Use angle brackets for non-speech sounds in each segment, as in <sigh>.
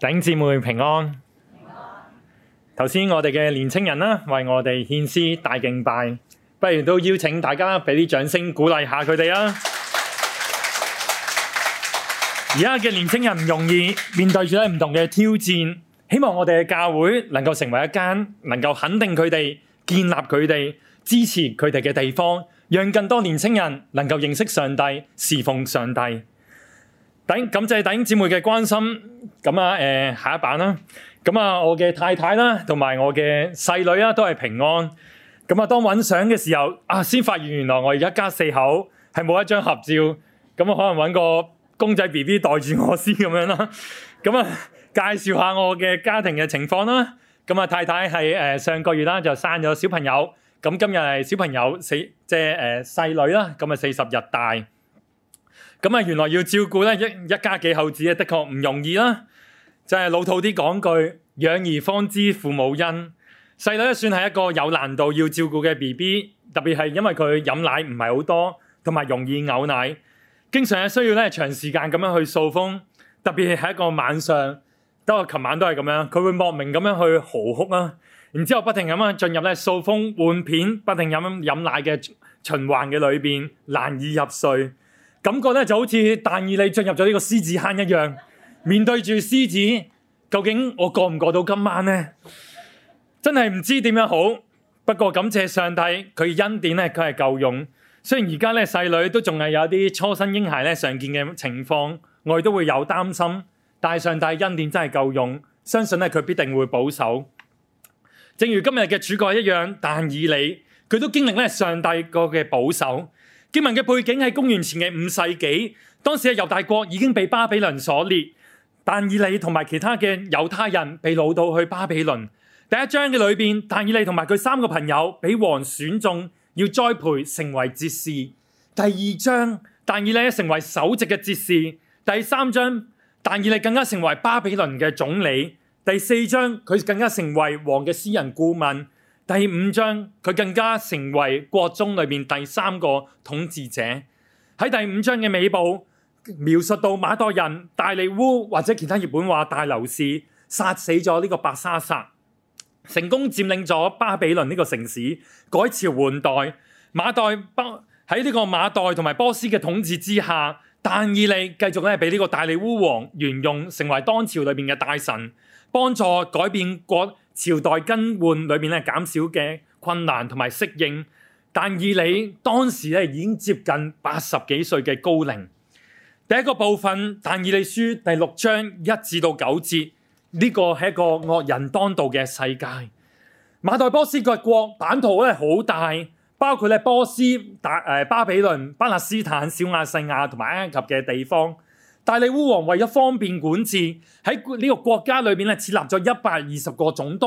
頂姊妹平安。頭先我哋嘅年青人啦，為我哋獻詩大敬拜，不如都邀請大家畀啲掌聲鼓勵下佢哋啊！而家嘅年青人唔容易，面對住咧唔同嘅挑戰，希望我哋嘅教會能夠成為一間能夠肯定佢哋、建立佢哋、支持佢哋嘅地方，讓更多年青人能夠認識上帝、侍奉上帝。等感謝等姐妹嘅關心，咁啊誒下一版啦，咁啊我嘅太太啦，同埋我嘅細女啦都係平安。咁啊當揾相嘅時候啊，先發現原來我而家一家四口係冇一張合照，咁啊可能揾個公仔 B B 袋住我先咁樣啦，咁啊介紹下我嘅家庭嘅情況啦，咁啊太太係誒上個月啦就生咗小朋友，咁今日係小朋友四即係誒細女啦，咁啊四十日大。咁啊，原來要照顧咧一一家幾口子啊，的確唔容易啦。就係老套啲講句，養兒方知父母恩。細女算係一個有難度要照顧嘅 B B，特別係因為佢飲奶唔係好多，同埋容易嘔奶，經常咧需要咧長時間咁樣去掃風。特別係喺一個晚上，都我琴晚都係咁樣，佢會莫名咁樣去嚎哭啦。然之後不停咁樣進入咧掃風換片、不停飲飲奶嘅循環嘅裏邊，難以入睡。感覺咧就好似但以理進入咗呢個獅子坑一樣，面對住獅子，究竟我過唔過到今晚咧？真係唔知點樣好。不過感謝上帝，佢恩典咧佢係夠用。雖然而家咧細女都仲係有啲初生嬰孩咧常見嘅情況，我哋都會有擔心。但係上帝恩典真係夠用，相信咧佢必定會保守。正如今日嘅主角一樣，但以理佢都經歷咧上帝個嘅保守。經文嘅背景喺公元前嘅五世紀，當時嘅猶大國已經被巴比倫所列。但以理同埋其他嘅猶太人被擄到去巴比倫。第一章嘅裏邊，但以理同埋佢三個朋友俾王選中，要栽培成為哲士。第二章，但以理成為首席嘅哲士。第三章，但以理更加成為巴比倫嘅總理。第四章，佢更加成為王嘅私人顧問。第五章佢更加成為國中裏邊第三個統治者。喺第五章嘅尾部描述到馬代人、大利烏或者其他譯本話大流士殺死咗呢個伯沙撒，成功佔領咗巴比倫呢個城市，改朝換代。馬代波喺呢個馬代同埋波斯嘅統治之下，但以理繼續咧俾呢個大利烏王沿用，成為當朝裏邊嘅大臣。幫助改變國朝代更換裏面咧減少嘅困難同埋適應，但以理當時咧已經接近八十幾歲嘅高齡。第一個部分，但以理書第六章一至到九節，呢個係一個惡人當道嘅世界。馬代波斯嘅國版圖咧好大，包括咧波斯、巴比倫、巴勒斯坦、小亞細亞同埋埃及嘅地方。大利烏王為咗方便管治，喺呢個國家裏邊咧設立咗一百二十個總督，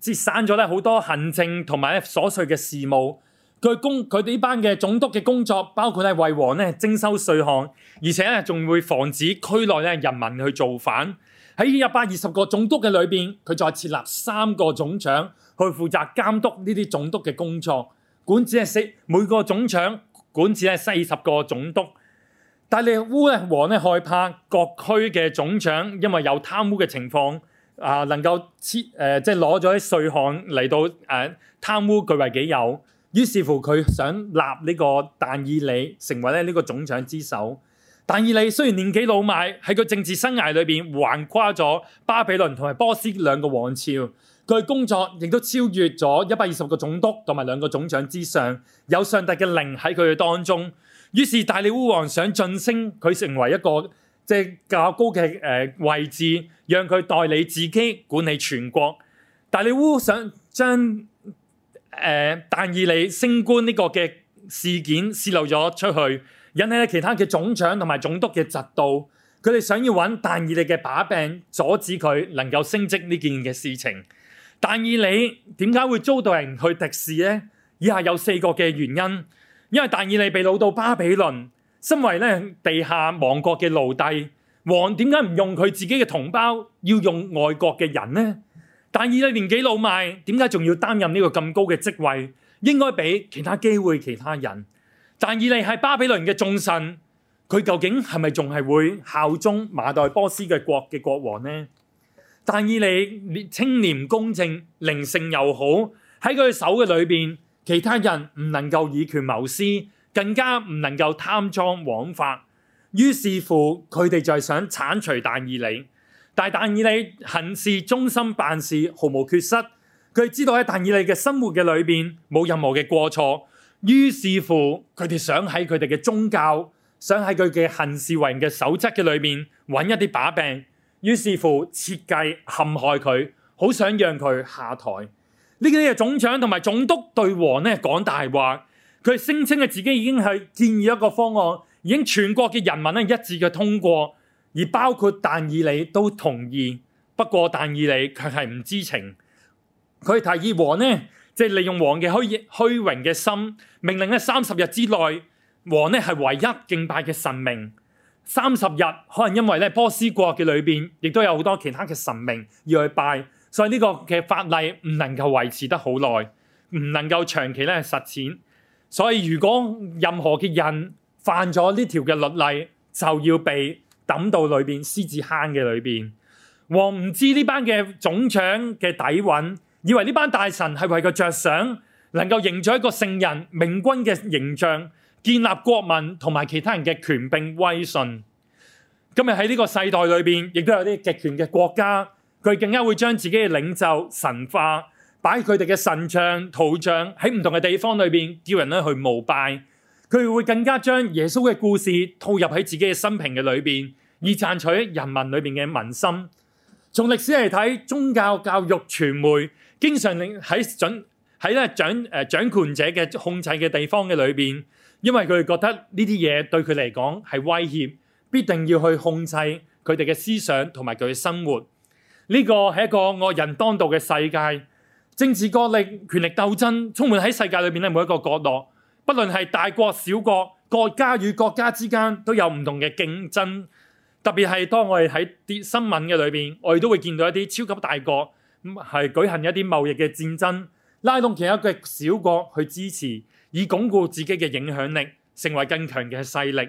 節省咗咧好多行政同埋瑣碎嘅事務。佢工佢哋呢班嘅總督嘅工作，包括咧為王咧徵收稅項，而且咧仲會防止區內咧人民去造反。喺一百二十個總督嘅裏邊，佢再設立三個總長去負責監督呢啲總督嘅工作，管治係四，每個總長管治係四十個總督。但係大利烏王咧害怕各區嘅總長因為有貪污嘅情況啊，能夠黐誒、呃、即係攞咗啲稅項嚟到誒、呃、貪污據為己有，於是乎佢想立呢個但以理成為咧呢個總長之首。但以理雖然年紀老邁，喺佢政治生涯裏邊橫跨咗巴比倫同埋波斯兩個王朝，佢嘅工作亦都超越咗一百二十個總督同埋兩個總長之上，有上帝嘅靈喺佢嘅當中。於是大利烏王想晉升佢成為一個即係較高嘅誒位置，讓佢代理自己管理全國。大利烏想將誒但、呃、以理升官呢個嘅事件泄露咗出去，引起其他嘅總長同埋總督嘅嫉妒。佢哋想要揾但以理嘅把柄，阻止佢能夠升職呢件嘅事情。但以理點解會遭到人去敵視咧？以下有四個嘅原因。因為但以理被擄到巴比倫，身為咧地下亡國嘅奴隸，王點解唔用佢自己嘅同胞，要用外國嘅人呢？但以理年紀老邁，點解仲要擔任呢個咁高嘅職位？應該俾其他機會其他人。但以理係巴比倫嘅重臣，佢究竟係咪仲係會效忠馬代波斯嘅國嘅國王呢？但以理青年公正，靈性又好，喺佢手嘅裏邊。其他人唔能夠以權謀私，更加唔能夠貪贓枉法。於是乎，佢哋就係想剷除但以理。但係但以理行事忠心辦事，毫無缺失。佢知道喺但以理嘅生活嘅裏邊冇任何嘅過錯。於是乎，佢哋想喺佢哋嘅宗教，想喺佢嘅行事為人嘅守則嘅裏面揾一啲把柄。於是乎，設計陷害佢，好想讓佢下台。呢啲係總長同埋總督對王呢講大話，佢係聲稱自己已經係建議一個方案，已經全國嘅人民呢一致嘅通過，而包括但以理都同意。不過但以理卻係唔知情。佢提議王呢即係、就是、利用王嘅虛虛榮嘅心，命令呢三十日之內，王呢係唯一敬拜嘅神明。三十日可能因為呢波斯國嘅裏邊亦都有好多其他嘅神明要去拜。所以呢個嘅法例唔能夠維持得好耐，唔能夠長期咧實踐。所以如果任何嘅人犯咗呢條嘅律例，就要被抌到裏邊獅子坑嘅裏邊。王唔知呢班嘅總長嘅底蘊，以為呢班大臣係為佢着想，能夠營造一個聖人明君嘅形象，建立國民同埋其他人嘅權柄威信。今日喺呢個世代裏邊，亦都有啲極權嘅國家。佢更加會將自己嘅領袖神化，擺佢哋嘅神像、圖像喺唔同嘅地方裏邊，叫人咧去膜拜。佢會更加將耶穌嘅故事套入喺自己嘅生平嘅裏邊，以賺取人民裏邊嘅民心。從歷史嚟睇，宗教、教育、傳媒經常喺準喺咧掌誒、呃、掌權者嘅控制嘅地方嘅裏邊，因為佢哋覺得呢啲嘢對佢嚟講係威脅，必定要去控制佢哋嘅思想同埋佢嘅生活。呢、這個係一個惡人當道嘅世界，政治角力、權力鬥爭，充滿喺世界裏面咧每一個角落。不論係大國小國，國家與國家之間都有唔同嘅競爭。特別係當我哋喺啲新聞嘅裏邊，我哋都會見到一啲超級大國係舉行一啲貿易嘅戰爭，拉動其他嘅小國去支持，以鞏固自己嘅影響力，成為更強嘅勢力。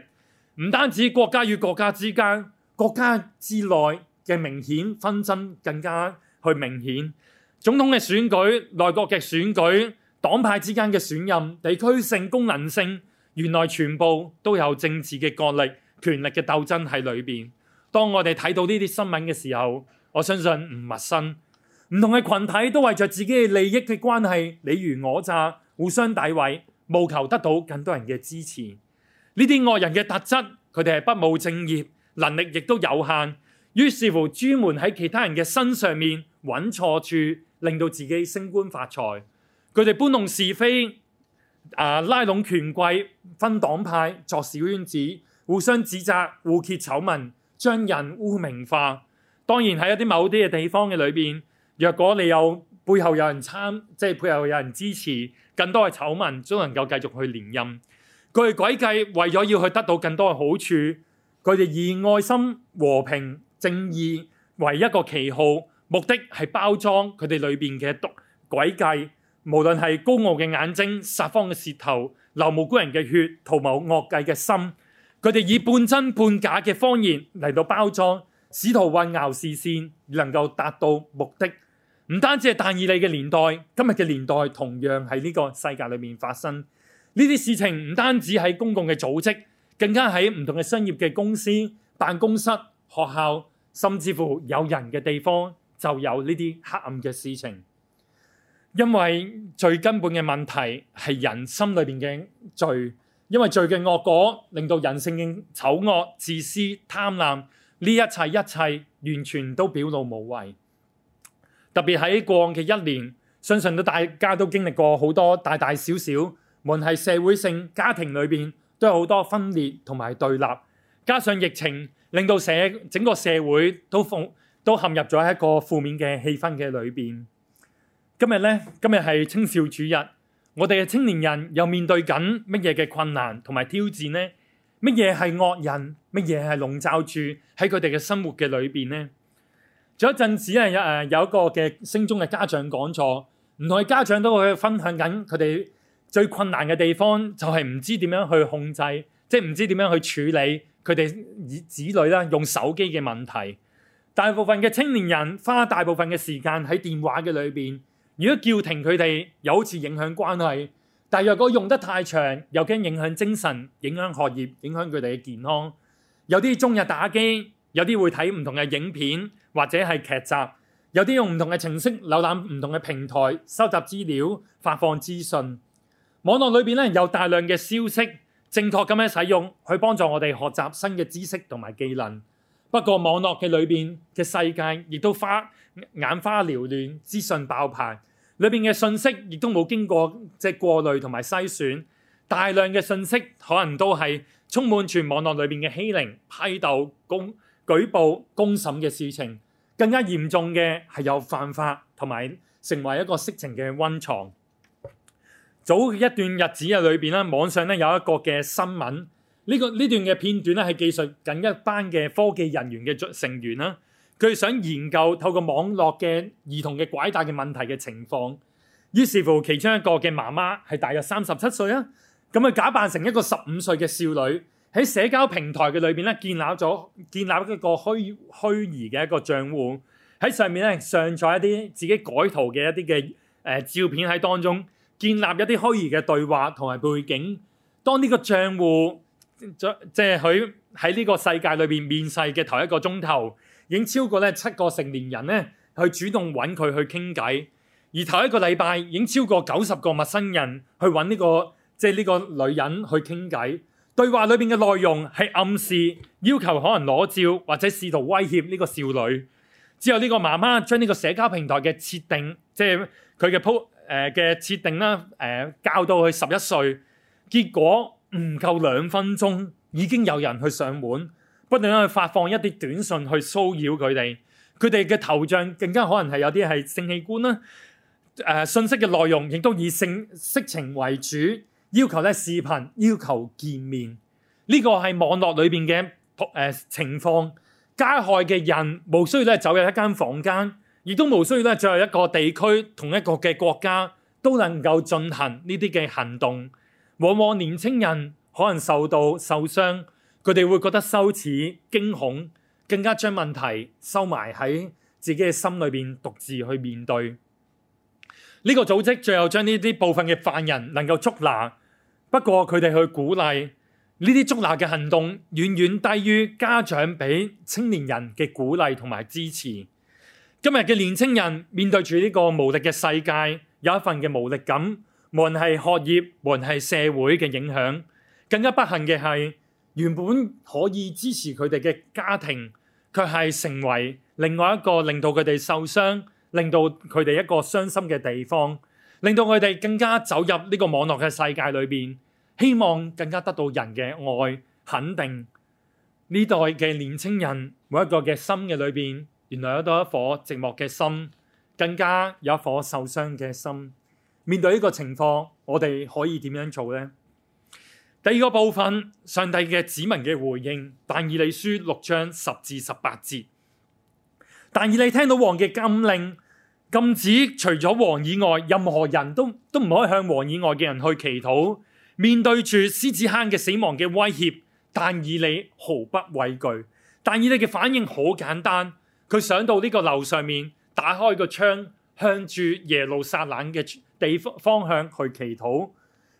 唔單止國家與國家之間，國家之內，嘅明顯紛爭更加去明顯，總統嘅選舉、內閣嘅選舉、黨派之間嘅選任、地區性功能性，原來全部都有政治嘅角力、權力嘅鬥爭喺裏邊。當我哋睇到呢啲新聞嘅時候，我相信唔陌生。唔同嘅群體都為着自己嘅利益嘅關係，你虞我詐，互相詆毀，務求得到更多人嘅支持。呢啲惡人嘅特質，佢哋係不務正業，能力亦都有限。於是乎專門喺其他人嘅身上面揾錯處，令到自己升官發財。佢哋搬弄是非，啊拉攏權貴、分黨派、作小圈子，互相指責、互揭醜聞，將人污名化。當然喺一啲某啲嘅地方嘅裏邊，若果你有背後有人撐，即係背後有人支持，更多嘅醜聞都能夠繼續去連任。佢哋詭計為咗要去得到更多嘅好處，佢哋以愛心和平、正義為一個旗號，目的係包裝佢哋裏邊嘅毒詭計。無論係高傲嘅眼睛、撒謊嘅舌頭、流無辜人嘅血、圖謀惡計嘅心，佢哋以半真半假嘅謊言嚟到包裝，試圖混淆視線，能夠達到目的。唔單止係但以理嘅年代，今日嘅年代同樣喺呢個世界裏面發生呢啲事情。唔單止喺公共嘅組織，更加喺唔同嘅商業嘅公司、辦公室、學校。甚至乎有人嘅地方就有呢啲黑暗嘅事情，因為最根本嘅問題係人心裏邊嘅罪，因為罪嘅惡果令到人性嘅醜惡、自私、貪婪呢一切一切完全都表露無遺。特別喺過往嘅一年，相信都大家都經歷過好多大大小小，無論係社會性、家庭裏邊，都有好多分裂同埋對立，加上疫情。令到社整個社會都負都陷入咗一個負面嘅氣氛嘅裏邊。今日咧，今日係青少主日，我哋嘅青年人又面對緊乜嘢嘅困難同埋挑戰咧？乜嘢係惡人？乜嘢係籠罩住喺佢哋嘅生活嘅裏邊咧？仲有一陣時咧，誒有一個嘅升中嘅家長講座，唔同嘅家長都會分享緊佢哋最困難嘅地方，就係、是、唔知點樣去控制，即係唔知點樣去處理。佢哋子子女啦，用手機嘅問題，大部分嘅青年人花大部分嘅時間喺電話嘅裏邊。如果叫停佢哋，又好似影響關係。但若果用得太長，又驚影響精神、影響學業，影響佢哋嘅健康。有啲中日打機，有啲會睇唔同嘅影片或者係劇集，有啲用唔同嘅程式瀏覽唔同嘅平台收集資料、發放資訊。網絡裏邊咧有大量嘅消息。正確咁樣使用，去幫助我哋學習新嘅知識同埋技能。不過網絡嘅裏面嘅世界亦都花眼花撩亂，資訊爆棚，裏面嘅信息亦都冇經過即係過濾同埋篩選，大量嘅信息可能都係充滿全網絡裏邊嘅欺凌、批鬥、公舉報、公審嘅事情。更加嚴重嘅係有犯法同埋成為一個色情嘅溫床。早一段日子啊，裏邊啦，網上咧有一個嘅新聞。呢、呢個呢段嘅片段咧，係記述緊一班嘅科技人員嘅成員啦。佢哋想研究透過網絡嘅兒童嘅拐帶嘅問題嘅情況。於是乎，其中一個嘅媽媽係大約三十七歲啊。咁佢假扮成一個十五歲嘅少女，喺社交平台嘅裏邊咧建立咗建立一個虛虛擬嘅一個賬戶，喺上面咧上載一啲自己改圖嘅一啲嘅誒照片喺當中。建立一啲虛擬嘅對話同埋背景。當呢個賬戶即係佢喺呢個世界裏邊面世嘅頭一個鐘頭，已經超過咧七個成年人咧去主動揾佢去傾偈。而頭一個禮拜已經超過九十個陌生人去揾呢個即係呢個女人去傾偈。對話裏邊嘅內容係暗示要求可能攞照，或者試圖威脅呢個少女。之後呢個媽媽將呢個社交平台嘅設定即係佢嘅 po 誒、呃、嘅設定啦、呃，教到佢十一歲，結果唔夠兩分鐘已經有人去上門，不斷去發放一啲短信去騷擾佢哋，佢哋嘅頭像更加可能係有啲係性器官啦，誒、呃、信息嘅內容亦都以性色情為主，要求咧視頻，要求見面，呢個係網絡裏面嘅、呃、情況，加害嘅人無需要咧走入一間房間。亦都無需要咧，在一個地區同一個嘅國家都能夠進行呢啲嘅行動，往往年輕人可能受到受傷，佢哋會覺得羞恥、驚恐，更加將問題收埋喺自己嘅心裏面，獨自去面對。呢個組織最後將呢啲部分嘅犯人能夠捉拿，不過佢哋去鼓勵呢啲捉拿嘅行動，遠遠低於家長俾青年人嘅鼓勵同埋支持。今日嘅年青人面對住呢個無力嘅世界，有一份嘅無力感，無論係學業，無論係社會嘅影響，更加不幸嘅係，原本可以支持佢哋嘅家庭，卻係成為另外一個令到佢哋受傷、令到佢哋一個傷心嘅地方，令到佢哋更加走入呢個網絡嘅世界裏邊，希望更加得到人嘅愛肯定。呢代嘅年青人每一個嘅心嘅裏邊。原來有多一顆寂寞嘅心，更加有一顆受傷嘅心。面對呢個情況，我哋可以點樣做呢？第二個部分，上帝嘅子民嘅回應，但以理書六章十至十八節。但以理聽到王嘅禁令，禁止除咗王以外任何人都都唔可以向王以外嘅人去祈禱。面對住獅子坑嘅死亡嘅威脅，但以理毫不畏懼。但以理嘅反應好簡單。佢上到呢個樓上面，打開個窗，向住耶路撒冷嘅地方向去祈禱。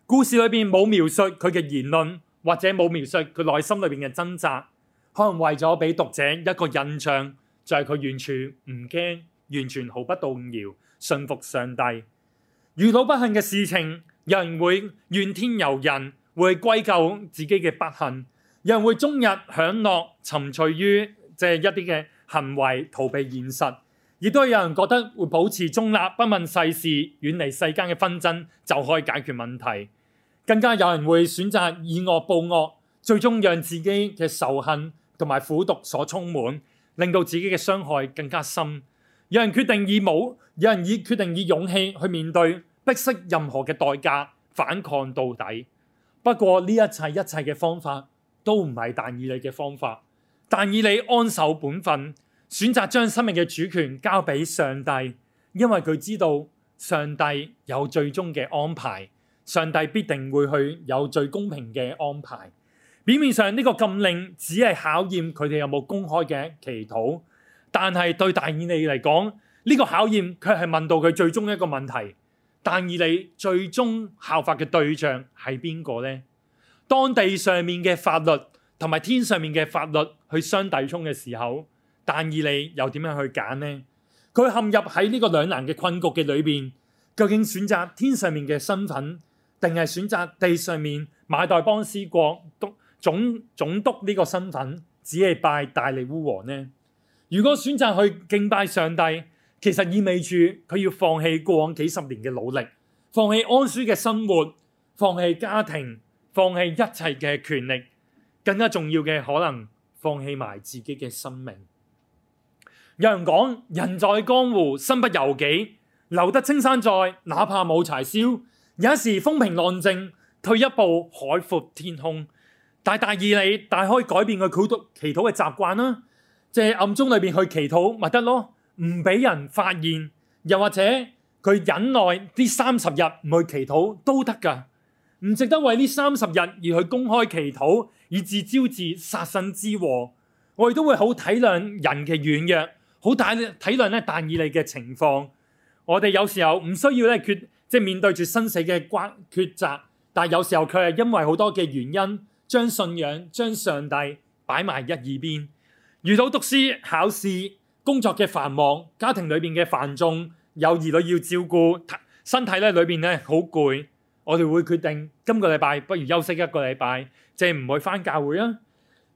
故事裏邊冇描述佢嘅言論，或者冇描述佢內心裏面嘅掙扎。可能為咗俾讀者一個印象，就係佢完全唔驚，完全毫不動搖，信服上帝。遇到不幸嘅事情，有人會怨天尤人，會歸咎自己嘅不幸；有人會終日享樂，沉醉於即係一啲嘅。行為逃避現實，亦都有人覺得會保持中立，不問世事，遠離世間嘅紛爭就可以解決問題。更加有人會選擇以惡報惡，最終讓自己嘅仇恨同埋苦毒所充滿，令到自己嘅傷害更加深。有人決定以武，有人以決定以勇氣去面對，不惜任何嘅代價反抗到底。不過呢一切一切嘅方法都唔係但以理嘅方法。都不是但以理安守本分，選擇將生命嘅主權交俾上帝，因為佢知道上帝有最終嘅安排，上帝必定會去有最公平嘅安排。表面上呢個禁令只係考驗佢哋有冇公開嘅祈禱，但係對但以理嚟講，呢個考驗卻係問到佢最終一個問題：但以理最終效法嘅對象係邊個呢？當地上面嘅法律同埋天上面嘅法律去相抵觸嘅時候，但以理又點樣去揀呢？佢陷入喺呢個兩難嘅困局嘅裏邊，究竟選擇天上面嘅身份，定係選擇地上面馬代邦斯國總總督呢個身份，只係拜大利烏王呢？如果選擇去敬拜上帝，其實意味住佢要放棄過往幾十年嘅努力，放棄安舒嘅生活，放棄家庭，放棄一切嘅權力。更加重要嘅，可能放棄埋自己嘅生命。有人講：人在江湖，身不由己；留得青山在，哪怕冇柴燒。有時風平浪靜，退一步海闊天空。但第二，你大可以改變嘅佢祈禱嘅習慣啦，即係暗中裏面去祈禱咪得咯，唔俾人發現。又或者佢忍耐呢三十日唔去祈禱都得噶，唔值得為呢三十日而去公開祈禱。以至招致殺身之禍，我哋都會好體諒人嘅軟弱，好體體諒咧但以理嘅情況。我哋有時候唔需要咧決，即係面對住生死嘅抉抉擇，但係有時候佢係因為好多嘅原因，將信仰、將上帝擺埋一二邊。遇到讀書、考試、工作嘅繁忙，家庭裏邊嘅繁重，有兒女要照顧，身體咧裏邊咧好攰。我哋會決定今個禮拜不如休息一個禮拜，即係唔會返教會啊。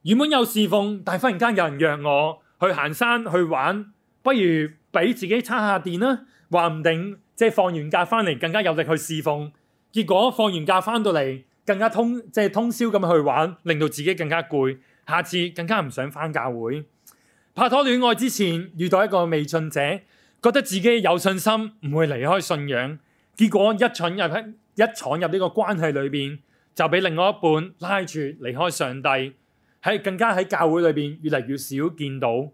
原本有侍奉，但係忽然間有人約我去行山去玩，不如俾自己叉下電啦。話唔定即係放完假返嚟更加有力去侍奉。結果放完假返到嚟更加通，即係通宵咁去玩，令到自己更加攰，下次更加唔想返教會。拍拖戀愛之前遇到一個未信者，覺得自己有信心唔會離開信仰，結果一蠢入一闖入呢個關係裏邊，就俾另外一半拉住離開上帝，喺更加喺教會裏邊越嚟越少見到。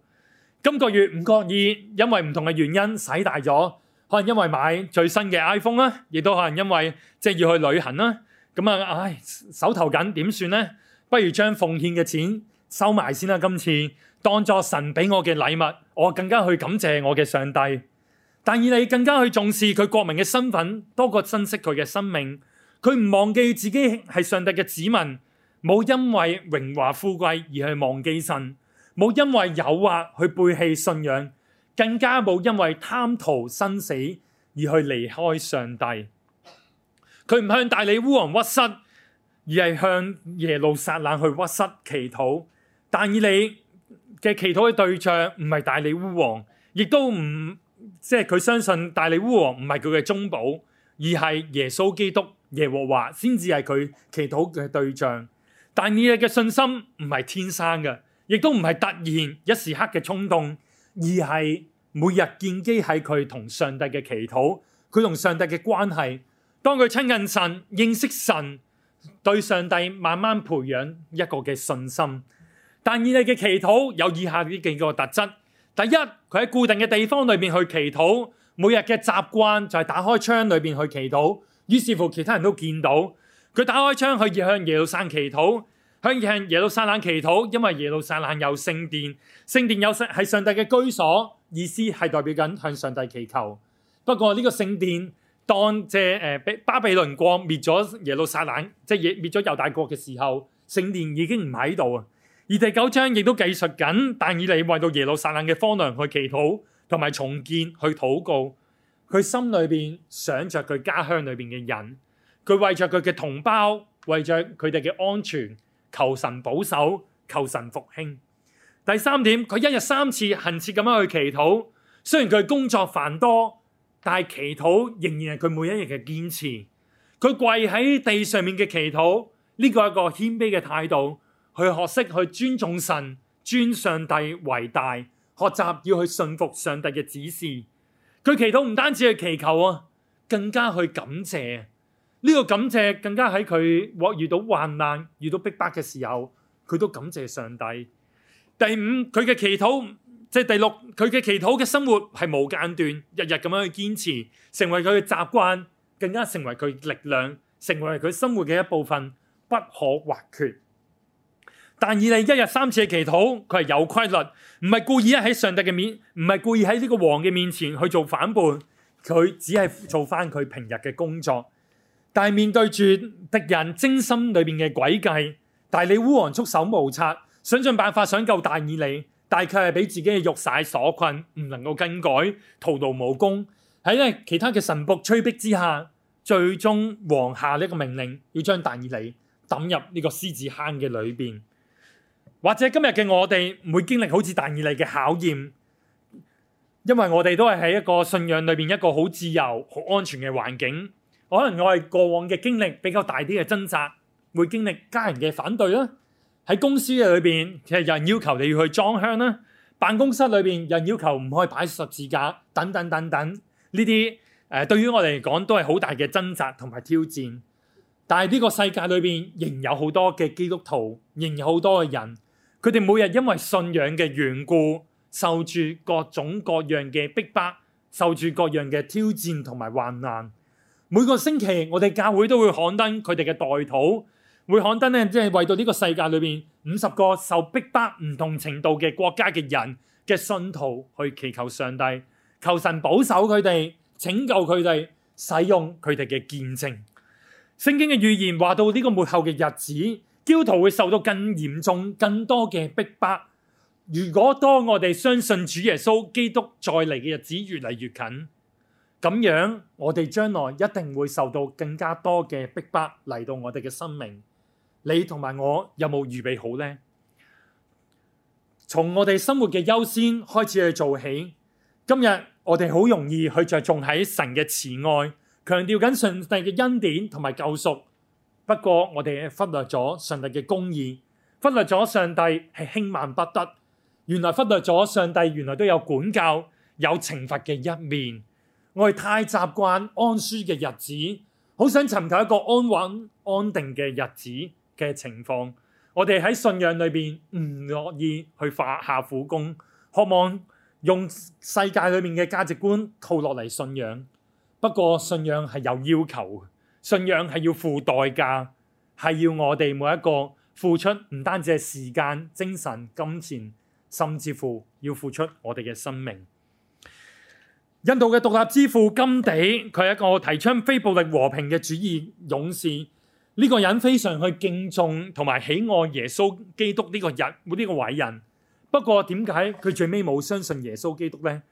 今個月唔覺意，因為唔同嘅原因使大咗，可能因為買最新嘅 iPhone 啦，亦都可能因為即係要去旅行啦。咁啊，唉，手頭緊點算呢？不如將奉獻嘅錢收埋先啦。今次當作神俾我嘅禮物，我更加去感謝我嘅上帝。但以理更加去重視佢國民嘅身份，多過珍惜佢嘅生命。佢唔忘記自己係上帝嘅子民，冇因為榮華富貴而去忘記神，冇因為誘惑去背棄信仰，更加冇因為貪圖生死而去離開上帝。佢唔向大利烏王屈膝，而係向耶路撒冷去屈膝祈禱。但以理嘅祈禱嘅對象唔係大利烏王，亦都唔。即係佢相信大利烏王唔係佢嘅中保，而係耶穌基督、耶和華先至係佢祈禱嘅對象。但以理嘅信心唔係天生嘅，亦都唔係突然一時刻嘅衝動，而係每日建基喺佢同上帝嘅祈禱，佢同上帝嘅關係。當佢親近神、認識神，對上帝慢慢培養一個嘅信心。但以理嘅祈禱有以下呢幾個特質。第一，佢喺固定嘅地方裏邊去祈禱，每日嘅習慣就係打開窗裏邊去祈禱，於是乎其他人都見到佢打開窗去向耶路撒冷祈禱，向耶路撒冷祈禱，因為耶路撒冷有聖殿，聖殿有係上帝嘅居所，意思係代表緊向上帝祈求。不過呢個聖殿當即係誒巴比倫國滅咗耶路撒冷，即係滅咗猶大國嘅時候，聖殿已經唔喺度啊。而第九章亦都記述緊，但以理為到耶路撒冷嘅荒涼去祈禱，同埋重建去禱告。佢心裏邊想着佢家鄉裏邊嘅人，佢為着佢嘅同胞，為着佢哋嘅安全，求神保守，求神復興。第三點，佢一日三次懇切咁樣去祈禱。雖然佢工作繁多，但係祈禱仍然係佢每一日嘅堅持。佢跪喺地上面嘅祈禱，呢個係一個謙卑嘅態度。去學識去尊重神，尊上帝為大，學習要去信服上帝嘅指示。佢祈禱唔單止係祈求啊，更加去感謝。呢個感謝更加喺佢獲遇到患難、遇到逼迫嘅時候，佢都感謝上帝。第五，佢嘅祈禱即係第六，佢嘅祈禱嘅生活係無間斷，日日咁樣去堅持，成為佢嘅習慣，更加成為佢力量，成為佢生活嘅一部分，不可或缺。但以理一日三次嘅祈禱，佢係有規律，唔係故意喺上帝嘅面，唔係故意喺呢個王嘅面前去做反叛。佢只係做返佢平日嘅工作。但面對住敵人精心裏面嘅詭計，大利烏王束手無策，想盡辦法想救但以理，但係佢係俾自己嘅肉晒所困，唔能夠更改，徒勞無功。喺呢其他嘅神僕催逼之下，最終王下呢個命令，要將但以理抌入呢個獅子坑嘅裏面。或者今日嘅我哋唔會經歷好似但以理嘅考驗，因為我哋都係喺一個信仰裏邊一個好自由、好安全嘅環境。可能我係過往嘅經歷比較大啲嘅掙扎，會經歷家人嘅反對啦，喺公司裏邊其實有人要求你要去裝香啦，辦公室裏面有人要求唔可以擺十字架等等等等呢啲誒，這些對於我哋嚟講都係好大嘅掙扎同埋挑戰。但係呢個世界裏邊仍有好多嘅基督徒，仍有好多嘅人。佢哋每日因為信仰嘅緣故，受住各種各樣嘅逼迫，受住各樣嘅挑戰同埋患難。每個星期，我哋教會都會刊登佢哋嘅代禱，會刊登呢，即係為到呢個世界裏邊五十個受逼迫唔同程度嘅國家嘅人嘅信徒去祈求上帝，求神保守佢哋，拯救佢哋，使用佢哋嘅見證。聖經嘅預言話到呢個末後嘅日子。基督徒會受到更嚴重、更多嘅逼迫。如果當我哋相信主耶穌、基督再嚟嘅日子越嚟越近，咁樣我哋將來一定會受到更加多嘅逼迫嚟到我哋嘅生命。你同埋我有冇預備好呢？從我哋生活嘅優先開始去做起。今日我哋好容易去着重喺神嘅慈愛，強調緊上帝嘅恩典同埋救贖。不過我哋忽略咗上帝嘅公義，忽略咗上帝係輕慢不得。原來忽略咗上帝，原來都有管教、有懲罰嘅一面。我哋太習慣安舒嘅日子，好想尋求一個安穩、安定嘅日子嘅情況。我哋喺信仰裏邊唔樂意去花下苦功，渴望用世界裏面嘅價值觀套落嚟，信仰。不過信仰係有要求。信仰係要付代價，係要我哋每一個付出，唔單止係時間、精神、金錢，甚至乎要付出我哋嘅生命。印度嘅獨立之父甘地，佢係一個提倡非暴力和平嘅主義勇士。呢個人非常去敬重同埋喜愛耶穌基督呢個人，呢個偉人。不過點解佢最尾冇相信耶穌基督呢？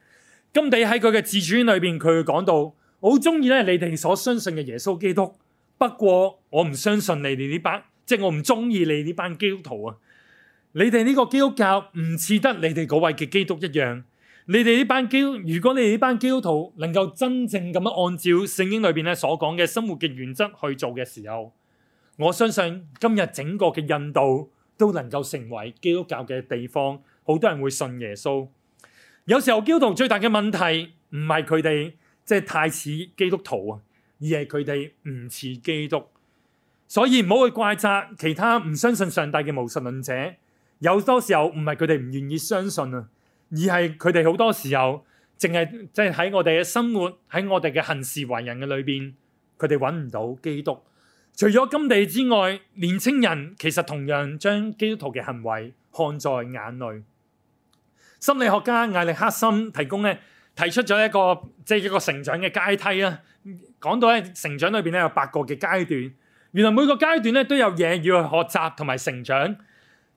甘地喺佢嘅自傳裏面，佢講到。好中意咧，你哋所相信嘅耶穌基督。不過我唔相信你哋呢班，即係我唔中意你哋呢班基督徒啊！你哋呢個基督教唔似得你哋嗰位嘅基督一樣。你哋呢班基督，如果你哋呢班基督徒能夠真正咁樣按照聖經裏邊咧所講嘅生活嘅原則去做嘅時候，我相信今日整個嘅印度都能夠成為基督教嘅地方。好多人會信耶穌。有時候基督徒最大嘅問題唔係佢哋。即係太似基督徒啊，而係佢哋唔似基督，所以唔好去怪責其他唔相信上帝嘅無神論者。有好多時候唔係佢哋唔願意相信啊，而係佢哋好多時候淨係即係喺我哋嘅生活，喺我哋嘅行事為人嘅裏邊，佢哋揾唔到基督。除咗金地之外，年青人其實同樣將基督徒嘅行為看在眼內。心理學家艾力克森提供呢。提出咗一個即係一個成長嘅階梯啦。講到咧成長裏邊咧有八個嘅階段，原來每個階段咧都有嘢要去學習同埋成長。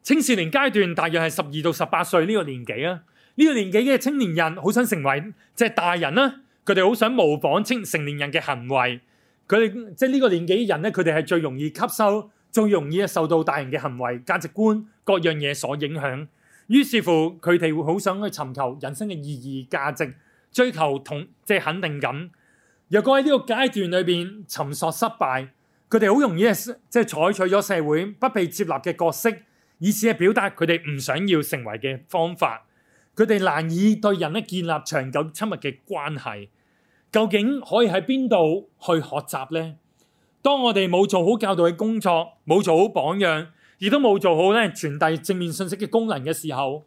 青少年階段大約係十二到十八歲呢個年紀啦。呢個年紀嘅青年人好想成為即係大人啦，佢哋好想模仿青成年人嘅行為。佢哋即係呢個年紀嘅人咧，佢哋係最容易吸收、最容易受到大人嘅行為、價值觀各樣嘢所影響。於是乎佢哋會好想去尋求人生嘅意義、價值。追求同即係肯定感，若果喺呢個階段裏邊尋索失敗，佢哋好容易即係採取咗社會不被接納嘅角色，以此係表達佢哋唔想要成為嘅方法。佢哋難以對人咧建立長久親密嘅關係，究竟可以喺邊度去學習咧？當我哋冇做好教導嘅工作，冇做好榜樣，亦都冇做好咧傳遞正面信息嘅功能嘅時候，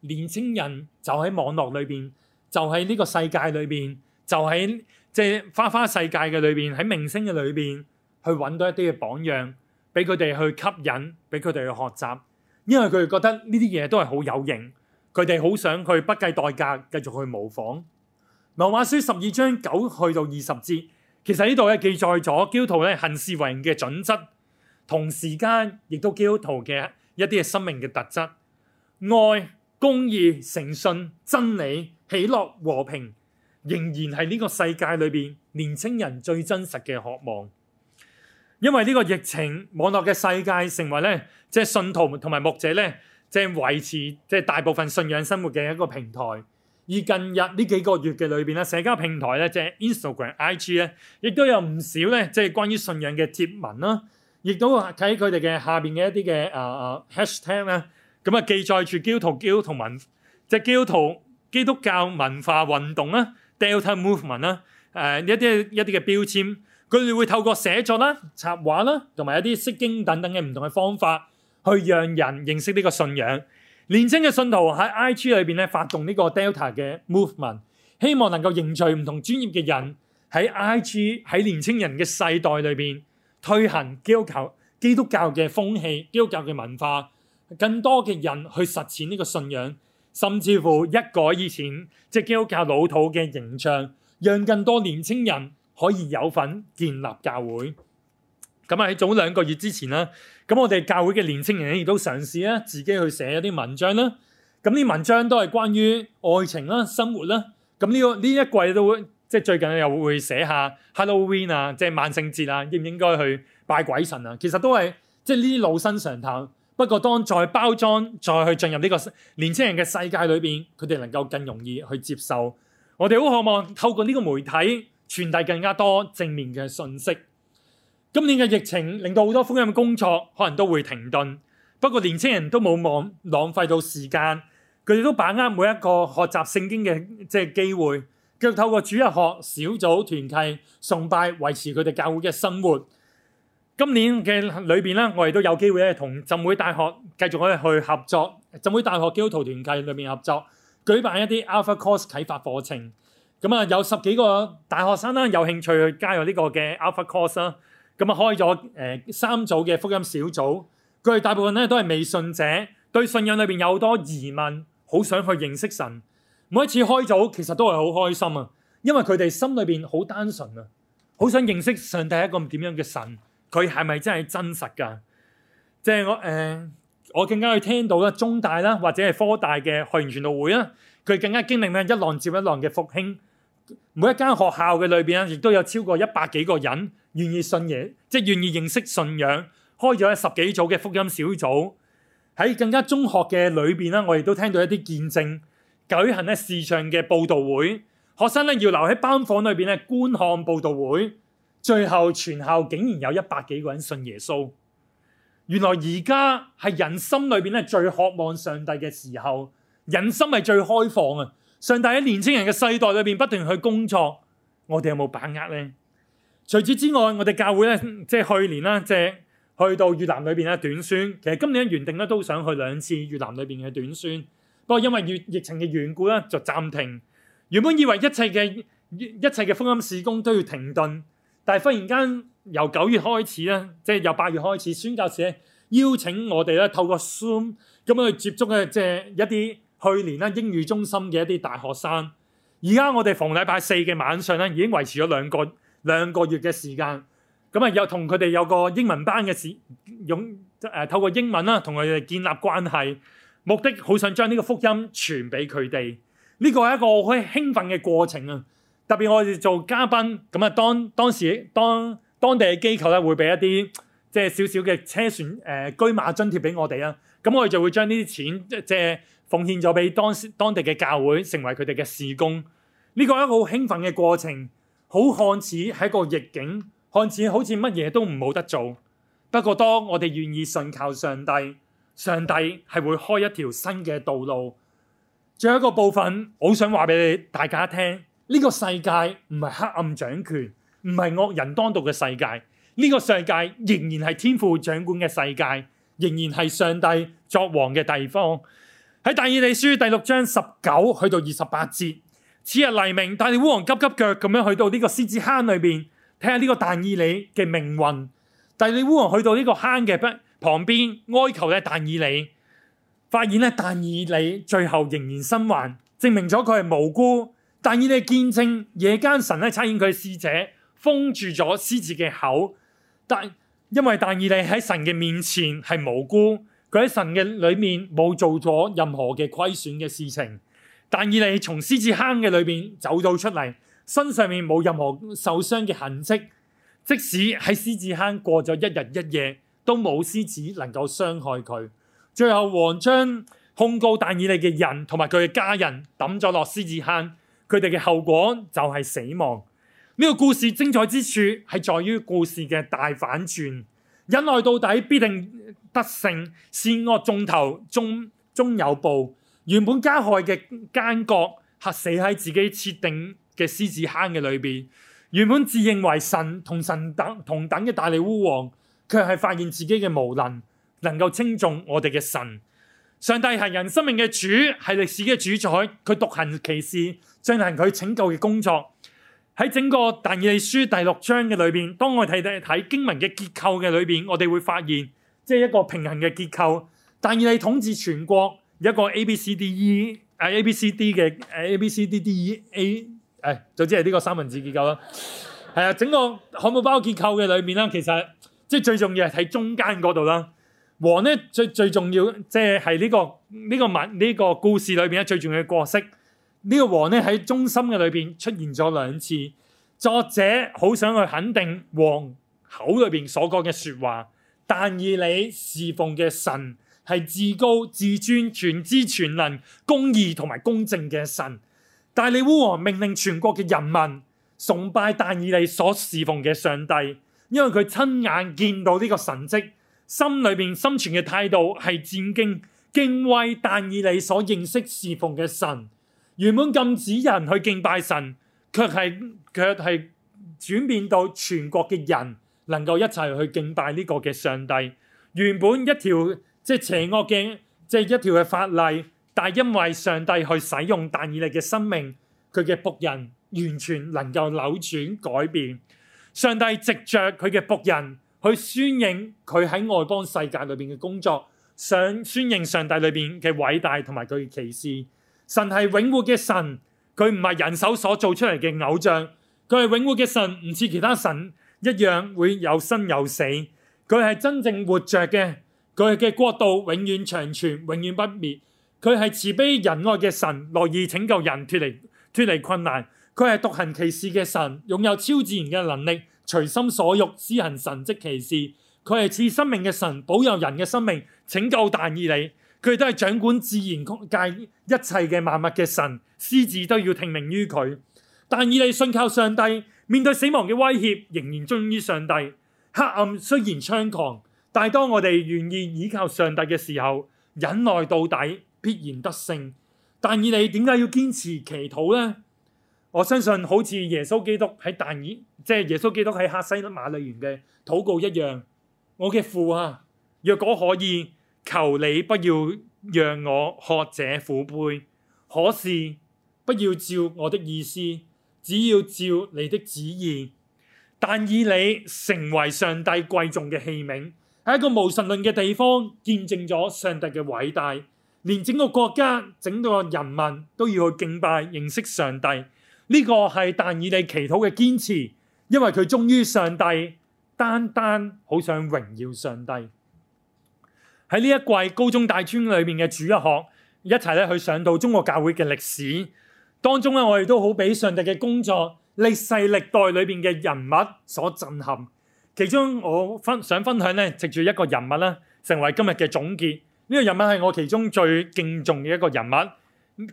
年青人就喺網絡裏邊。就喺呢個世界裏邊，就喺即係花花世界嘅裏邊，喺明星嘅裏邊去揾到一啲嘅榜樣，俾佢哋去吸引，俾佢哋去學習，因為佢哋覺得呢啲嘢都係好有型，佢哋好想去不計代價繼續去模仿。《羅馬書》十二章九去到二十節，其實呢度咧記載咗基督徒咧行事為人嘅準則，同時間亦都基督徒嘅一啲嘅生命嘅特質：愛、公義、誠信、真理。喜樂和平仍然係呢個世界裏邊年青人最真實嘅渴望，因為呢個疫情，網絡嘅世界成為咧即係信徒同埋牧者咧，即係維持即係大部分信仰生活嘅一個平台。而近日呢幾個月嘅裏邊啦，社交平台咧即係 Instagram、IG 咧，亦都有唔少咧即係關於信仰嘅貼文啦，亦都睇佢哋嘅下邊嘅一啲嘅啊啊 hashtag 啦，咁啊記載住基督徒、教同埋即係基督徒。基督教文化運動啦，Delta Movement 啦，誒一啲一啲嘅標籤，佢哋會透過寫作啦、插畫啦，同埋一啲釋經等等嘅唔同嘅方法，去讓人認識呢個信仰。年青嘅信徒喺 IG 裏邊咧發動呢個 Delta 嘅 Movement，希望能夠凝聚唔同專業嘅人喺 IG 喺年青人嘅世代裏邊推行基督教基督教嘅風氣、基督教嘅文化，更多嘅人去實踐呢個信仰。甚至乎一改以前即係基督教老土嘅形象，讓更多年青人可以有份建立教會。咁啊喺早兩個月之前啦，咁我哋教會嘅年青人亦都嘗試咧自己去寫一啲文章啦。咁啲文章都係關於愛情啦、生活啦。咁呢個呢一季都會即係最近又會寫一下 Halloween 啊，即係萬聖節啊，應唔應該去拜鬼神啊？其實都係即係呢啲老生常談。不過，當再包裝、再去進入呢個年青人嘅世界裏面，佢哋能夠更容易去接受。我哋好渴望透過呢個媒體傳遞更加多正面嘅信息。今年嘅疫情令到好多福音嘅工作可能都會停頓，不過年青人都冇忘浪費到時間，佢哋都把握每一個學習聖經嘅即係機會，繼續透過主日學、小組、團契、崇拜維持佢哋教會嘅生活。今年嘅裏面咧，我哋都有機會咧同浸會大學繼續去合作，浸會大學基督徒團契裏面合作舉辦一啲 Alpha Course 啟發課程。咁啊，有十幾個大學生啦，有興趣去加入呢個嘅 Alpha Course 啦。咁啊，開咗誒三組嘅福音小組，佢哋大部分咧都係未信者，對信仰裏面有好多疑問，好想去認識神。每一次開組其實都係好開心啊，因為佢哋心裏面好單純啊，好想認識上帝係一個點樣嘅神。佢係咪真係真實㗎？即、就、係、是、我誒、呃，我更加去聽到啦，中大啦或者係科大嘅學園傳道會啦，佢更加經歷咧一浪接一浪嘅復興。每一間學校嘅裏邊咧，亦都有超過一百幾個人願意信嘢，即、就、係、是、願意認識信仰，開咗十幾組嘅福音小組。喺更加中學嘅裏邊啦，我亦都聽到一啲見證，舉行咧視像嘅報道會，學生咧要留喺班房裏邊咧觀看報道會。最後全校竟然有一百幾個人信耶穌，原來而家係人心裏邊咧最渴望上帝嘅時候，人心係最開放啊！上帝喺年青人嘅世代裏邊不斷去工作，我哋有冇把握呢？除此之外，我哋教會咧，即係去年啦，即係去到越南裏邊啊短宣，其實今年原定咧都想去兩次越南裏邊嘅短宣，不過因為越疫情嘅緣故咧就暫停。原本以為一切嘅一切嘅福音事工都要停頓。但係忽然間由九月開始咧，即係由八月開始，宣教士邀請我哋咧透過 Zoom 咁樣去接觸嘅，即係一啲去年咧英語中心嘅一啲大學生。而家我哋逢禮拜四嘅晚上咧，已經維持咗兩個兩個月嘅時間，咁啊又同佢哋有個英文班嘅時，用誒透過英文啦，同佢哋建立關係，目的好想將呢個福音傳俾佢哋。呢個係一個好興奮嘅過程啊！特別我哋做嘉賓咁啊，當當時當當地嘅機構咧，會俾一啲即係少少嘅車船誒、呃、車馬津貼俾我哋啊，咁我哋就會將呢啲錢即係、就是、奉獻咗俾當時當地嘅教會，成為佢哋嘅事工。呢個係一個好興奮嘅過程，好看似係一個逆境，看似好似乜嘢都唔冇得做。不過當我哋願意信靠上帝，上帝係會開一條新嘅道路。仲有一個部分，我好想話俾你大家聽。呢個世界唔係黑暗掌權，唔係惡人當道嘅世界。呢個世界仍然係天父掌管嘅世界，仍然係上帝作王嘅地方。喺但以理書第六章十九去到二十八節，次日黎明，大利烏王急急腳咁樣去到呢個獅子坑裏邊睇下呢個但以理嘅命運。大利烏王去到呢個坑嘅旁邊哀求咧，但以理發現咧，但以理最後仍然生還，證明咗佢係無辜。但以理見證，夜間神喺差遣佢嘅使者封住咗獅子嘅口。但因為但以理喺神嘅面前係無辜，佢喺神嘅裏面冇做咗任何嘅虧損嘅事情。但以理從獅子坑嘅裏面走到出嚟，身上面冇任何受傷嘅痕跡。即使喺獅子坑過咗一日一夜，都冇獅子能夠傷害佢。最後王將控告但以理嘅人同埋佢嘅家人抌咗落獅子坑。佢哋嘅後果就係死亡。呢個故事精彩之處係在於故事嘅大反轉，忍耐到底必定得勝，善惡眾頭終終有報。原本加害嘅奸角，嚇死喺自己設定嘅獅子坑嘅裏邊。原本自認為神同神等同等嘅大利烏王，卻係發現自己嘅無能，能夠稱重我哋嘅神。上帝係人生命嘅主，係歷史嘅主宰，佢獨行其事進行佢拯救嘅工作。喺整個但以理書第六章嘅裏邊，當我哋睇睇經文嘅結構嘅裏邊，我哋會發現即係一個平衡嘅結構。但以理統治全國，一個 A B C D E，誒 A B C D 嘅誒 A B C D D A，誒總之係呢個三文治結構啦。係 <laughs> 啊，整個漢堡包結構嘅裏邊啦，其實即係最重要係睇中間嗰度啦。王呢最最重要，即係呢個呢個物呢個呢個故事裏邊呢最重要嘅角色。呢個王呢喺中心嘅裏邊出現咗兩次。作者好想去肯定王口裏邊所講嘅說話，但以理侍奉嘅神係至高、至尊、全知、全能、公義同埋公正嘅神。大利烏王命令全國嘅人民崇拜但以理所侍奉嘅上帝，因為佢親眼見到呢個神跡。心裏邊深存嘅態度係戰兢敬，敬畏，但以理所認識侍奉嘅神，原本禁止人去敬拜神，卻係卻係轉變到全國嘅人能夠一齊去敬拜呢個嘅上帝。原本一條即係邪惡嘅即係一條嘅法例，但因為上帝去使用但以理嘅生命，佢嘅僕人完全能夠扭轉改變。上帝藉着佢嘅僕人。佢宣認佢喺外邦世界裏邊嘅工作，想宣認上帝裏邊嘅偉大同埋佢嘅奇事。神係永活嘅神，佢唔係人手所做出嚟嘅偶像，佢係永活嘅神，唔似其他神一樣會有生有死，佢係真正活着嘅，佢嘅國度永遠長存，永遠不滅。佢係慈悲仁愛嘅神，樂意拯救人脫離脫離困難。佢係獨行奇事嘅神，擁有超自然嘅能力。隨心所欲，施行神蹟奇事。佢係賜生命嘅神，保佑人嘅生命，拯救但以理。佢都係掌管自然界一切嘅萬物嘅神，獅子都要聽命於佢。但以理信靠上帝，面對死亡嘅威脅，仍然忠於上帝。黑暗雖然猖狂，但當我哋願意倚靠上帝嘅時候，忍耐到底，必然得勝。但以理點解要堅持祈禱呢？我相信好似耶穌基督喺但以，即係耶穌基督喺客西馬尼園嘅禱告一樣。我嘅父啊，若果可以，求你不要讓我喝這苦杯。可是不要照我的意思，只要照你的旨意。但以你成為上帝貴重嘅器皿，喺一個無神論嘅地方，見證咗上帝嘅偉大，連整個國家、整個人民都要去敬拜、認識上帝。呢、這個係但以理祈禱嘅堅持，因為佢忠於上帝，單單好想榮耀上帝。喺呢一季高中大專裏面嘅主一學，一齊咧去上到中國教會嘅歷史當中咧，我哋都好俾上帝嘅工作歷世歷代裏邊嘅人物所震撼。其中我分想分享咧，藉住一個人物啦，成為今日嘅總結。呢、這個人物係我其中最敬重嘅一個人物。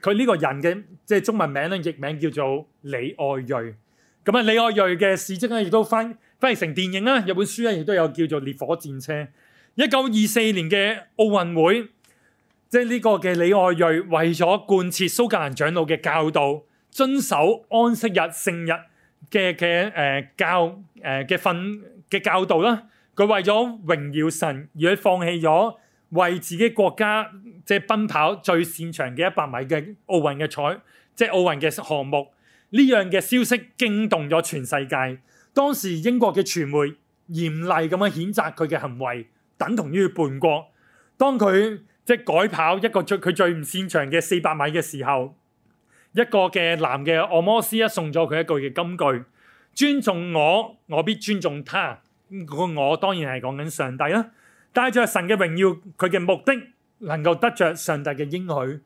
佢呢個人嘅即係中文名咧，譯名叫做李愛銳。咁啊，李愛銳嘅事蹟咧，亦都翻翻成電影啦，有本書咧，亦都有叫做《烈火戰車》。一九二四年嘅奧運會，即係呢個嘅李愛銳為咗貫徹蘇格蘭長老嘅教導，遵守安息日、聖日嘅嘅誒教誒嘅、呃、訓嘅教導啦，佢為咗榮耀神而佢放棄咗。為自己國家即係、就是、奔跑最擅長嘅一百米嘅奧運嘅賽，即、就、係、是、奧運嘅項目呢樣嘅消息驚動咗全世界。當時英國嘅傳媒嚴厲咁樣譴責佢嘅行為，等同於叛國。當佢即係改跑一個最佢最唔擅長嘅四百米嘅時候，一個嘅男嘅按摩師一送咗佢一句嘅金句：尊重我，我必尊重他。個我當然係講緊上帝啦。帶着神嘅榮耀，佢嘅目的能夠得着上帝嘅應許，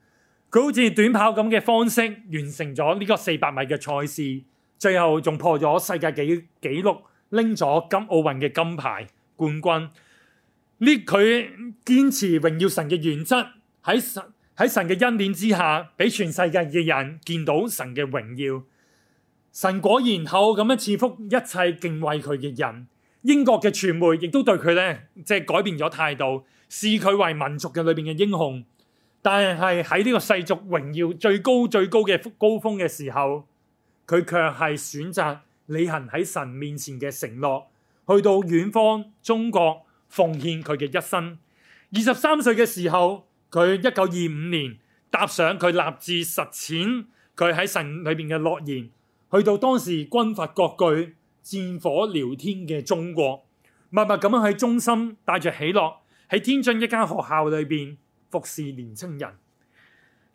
佢好似短跑咁嘅方式完成咗呢個四百米嘅賽事，最後仲破咗世界紀紀錄，拎咗金奧運嘅金牌冠軍。呢，佢堅持榮耀神嘅原則，喺神喺神嘅恩典之下，俾全世界嘅人見到神嘅榮耀。神果然後咁樣賜福一切敬畏佢嘅人。英國嘅傳媒亦都對佢咧，即係改變咗態度，視佢為民族嘅裏邊嘅英雄。但係喺呢個世俗榮耀最高最高嘅高峰嘅時候，佢卻係選擇履行喺神面前嘅承諾，去到遠方中國奉獻佢嘅一生。二十三歲嘅時候，佢一九二五年踏上佢立志實踐佢喺神裏邊嘅諾言，去到當時軍閥割據，戰火燎天嘅中國，默默咁樣喺中心帶著喜樂，喺天津一間學校裏邊服侍年青人。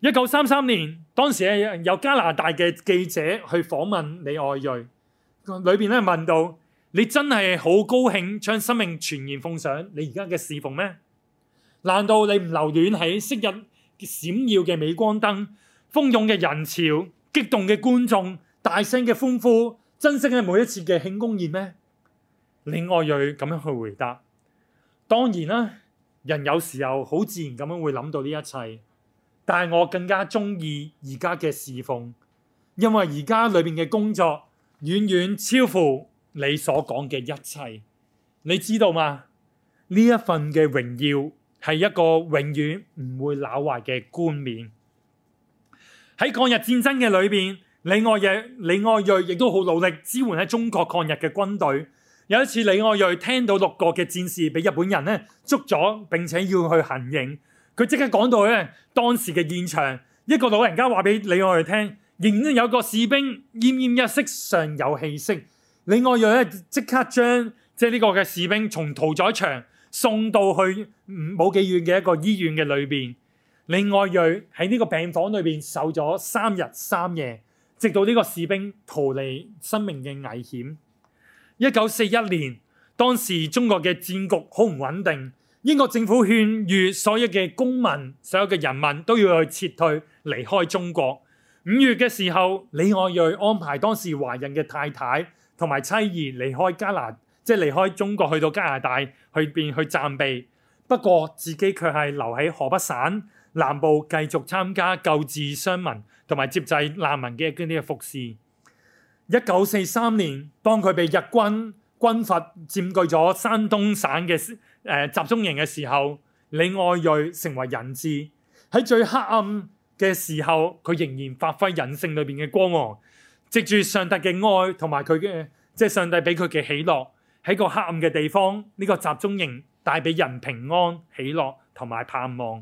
一九三三年，當時咧有加拿大嘅記者去訪問李愛銳，裏邊咧問到：你真係好高興將生命全然奉上你而家嘅侍奉咩？難道你唔留戀喺昔日閃耀嘅鎂光燈、蜂擁嘅人潮、激動嘅觀眾、大聲嘅歡呼？珍惜嘅每一次嘅慶功宴咩？李愛瑞咁樣去回答。當然啦，人有時候好自然咁樣會諗到呢一切，但係我更加中意而家嘅侍奉，因為而家裏邊嘅工作遠遠超乎你所講嘅一切。你知道嗎？呢一份嘅榮耀係一個永遠唔會朽壞嘅冠冕。喺抗日戰爭嘅裏邊。李愛嘅李愛瑞亦都好努力支援喺中國抗日嘅軍隊。有一次，李愛瑞聽到六個嘅戰士俾日本人捉咗，並且要去行刑，佢即刻趕到去當時嘅現場。一個老人家話俾李愛瑞聽，認得有個士兵奄奄一息，尚有氣息。李愛瑞咧即刻將即係呢個嘅士兵從屠宰場送到去冇幾遠嘅一個醫院嘅裏邊。李愛瑞喺呢個病房裏面守咗三日三夜。直到呢個士兵逃離生命嘅危險。一九四一年，當時中國嘅戰局好唔穩定，英國政府勸喻所有嘅公民、所有嘅人民都要去撤退、離開中國。五月嘅時候，李愛銳安排當時華人嘅太太同埋妻兒離開加拿大，即係離開中國去到加拿大去邊去暫避。不過自己卻係留喺河北省南部繼續參加救治傷民同埋接濟難民嘅一啲嘅服事。一九四三年，當佢被日軍軍閥佔據咗山東省嘅誒、呃、集中營嘅時候，李愛銳成為人質。喺最黑暗嘅時候，佢仍然發揮人性裏邊嘅光芒，藉住上帝嘅愛同埋佢嘅即係上帝俾佢嘅喜樂，喺個黑暗嘅地方呢、這個集中營帶俾人平安、喜樂同埋盼望。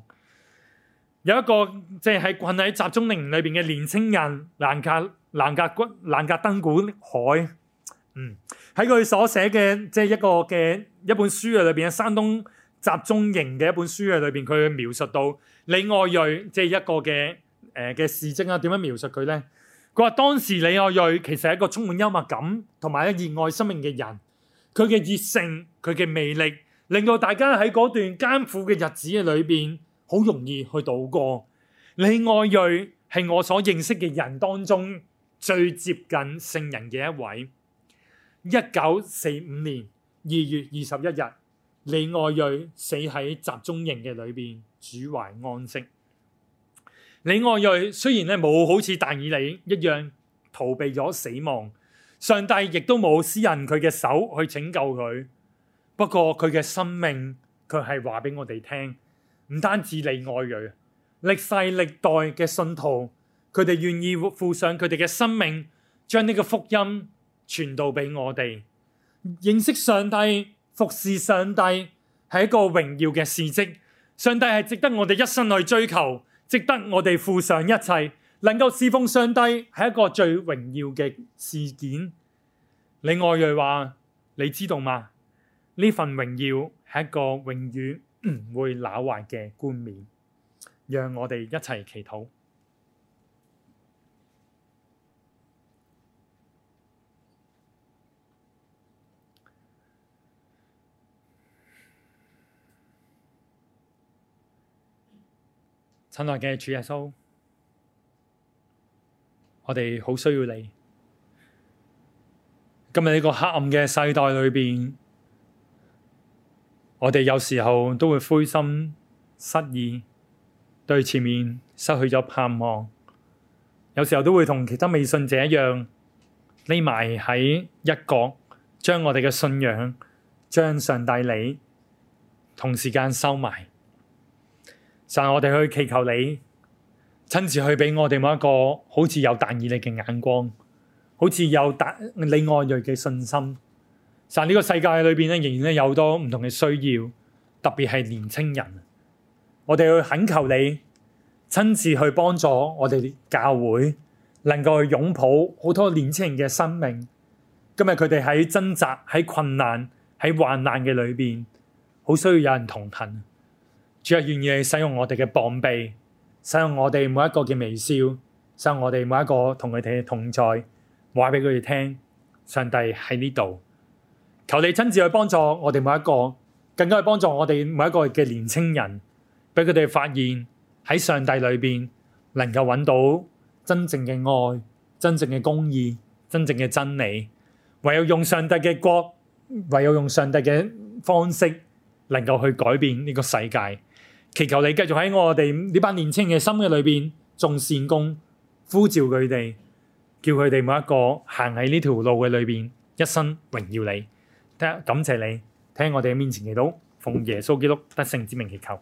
有一個即係喺困喺集中營裏邊嘅年青人蘭格蘭格蘭格登古海，嗯，喺佢所寫嘅即係一個嘅一本書嘅裏邊，喺山東集中營嘅一本書嘅裏邊，佢描述到李愛銳即係一個嘅誒嘅事蹟啊，點樣描述佢咧？佢話當時李愛銳其實係一個充滿幽默感同埋咧熱愛生命嘅人，佢嘅熱誠、佢嘅魅力，令到大家喺嗰段艱苦嘅日子嘅裏邊，好容易去渡過。李愛銳係我所認識嘅人當中最接近聖人嘅一位。一九四五年二月二十一日，李愛銳死喺集中營嘅裏邊，主懷安息。李愛銳雖然咧冇好似但以理一樣逃避咗死亡，上帝亦都冇伸佢嘅手去拯救佢。不過佢嘅生命，佢係話俾我哋聽。唔單止李愛銳，歷世歷代嘅信徒，佢哋願意付上佢哋嘅生命，將呢個福音傳到俾我哋。認識上帝、服侍上帝係一個榮耀嘅事迹。上帝係值得我哋一生去追求，值得我哋付上一切，能夠侍奉上帝係一個最榮耀嘅事件。李愛銳話：你知道嗎？呢份榮耀係一個榮譽。會朽壞嘅冠冕，讓我哋一齊祈禱。親愛嘅主耶穌，我哋好需要你。今日呢個黑暗嘅世代裏面，我哋有時候都會灰心失意，對前面失去咗盼望，有時候都會同其他未信者一樣，匿埋喺一角，將我哋嘅信仰、將上帝你同時間收埋，就係、是、我哋去祈求你親自去畀我哋某一個好似有但以理嘅眼光，好似有但以理嘅信心。但呢個世界裏邊咧，仍然咧有好多唔同嘅需要，特別係年青人。我哋要懇求你親自去幫助我哋教會，能夠去擁抱好多年青人嘅生命。今日佢哋喺掙扎、喺困難、喺患難嘅裏邊，好需要有人同行。主啊，願意使用我哋嘅膀臂，使用我哋每一個嘅微笑，使用我哋每一個同佢哋嘅同在，話俾佢哋聽：上帝喺呢度。求你親自去幫助我哋每一個，更加去幫助我哋每一個嘅年青人，俾佢哋發現喺上帝裏邊能夠揾到真正嘅愛、真正嘅公義、真正嘅真理。唯有用上帝嘅國，唯有用上帝嘅方式，能夠去改變呢個世界。祈求你繼續喺我哋呢班年輕嘅心嘅裏邊種善功，呼召佢哋，叫佢哋每一個行喺呢條路嘅裏邊，一生榮耀你。感謝你，喺我哋面前祈禱，奉耶穌基督得勝之名祈求。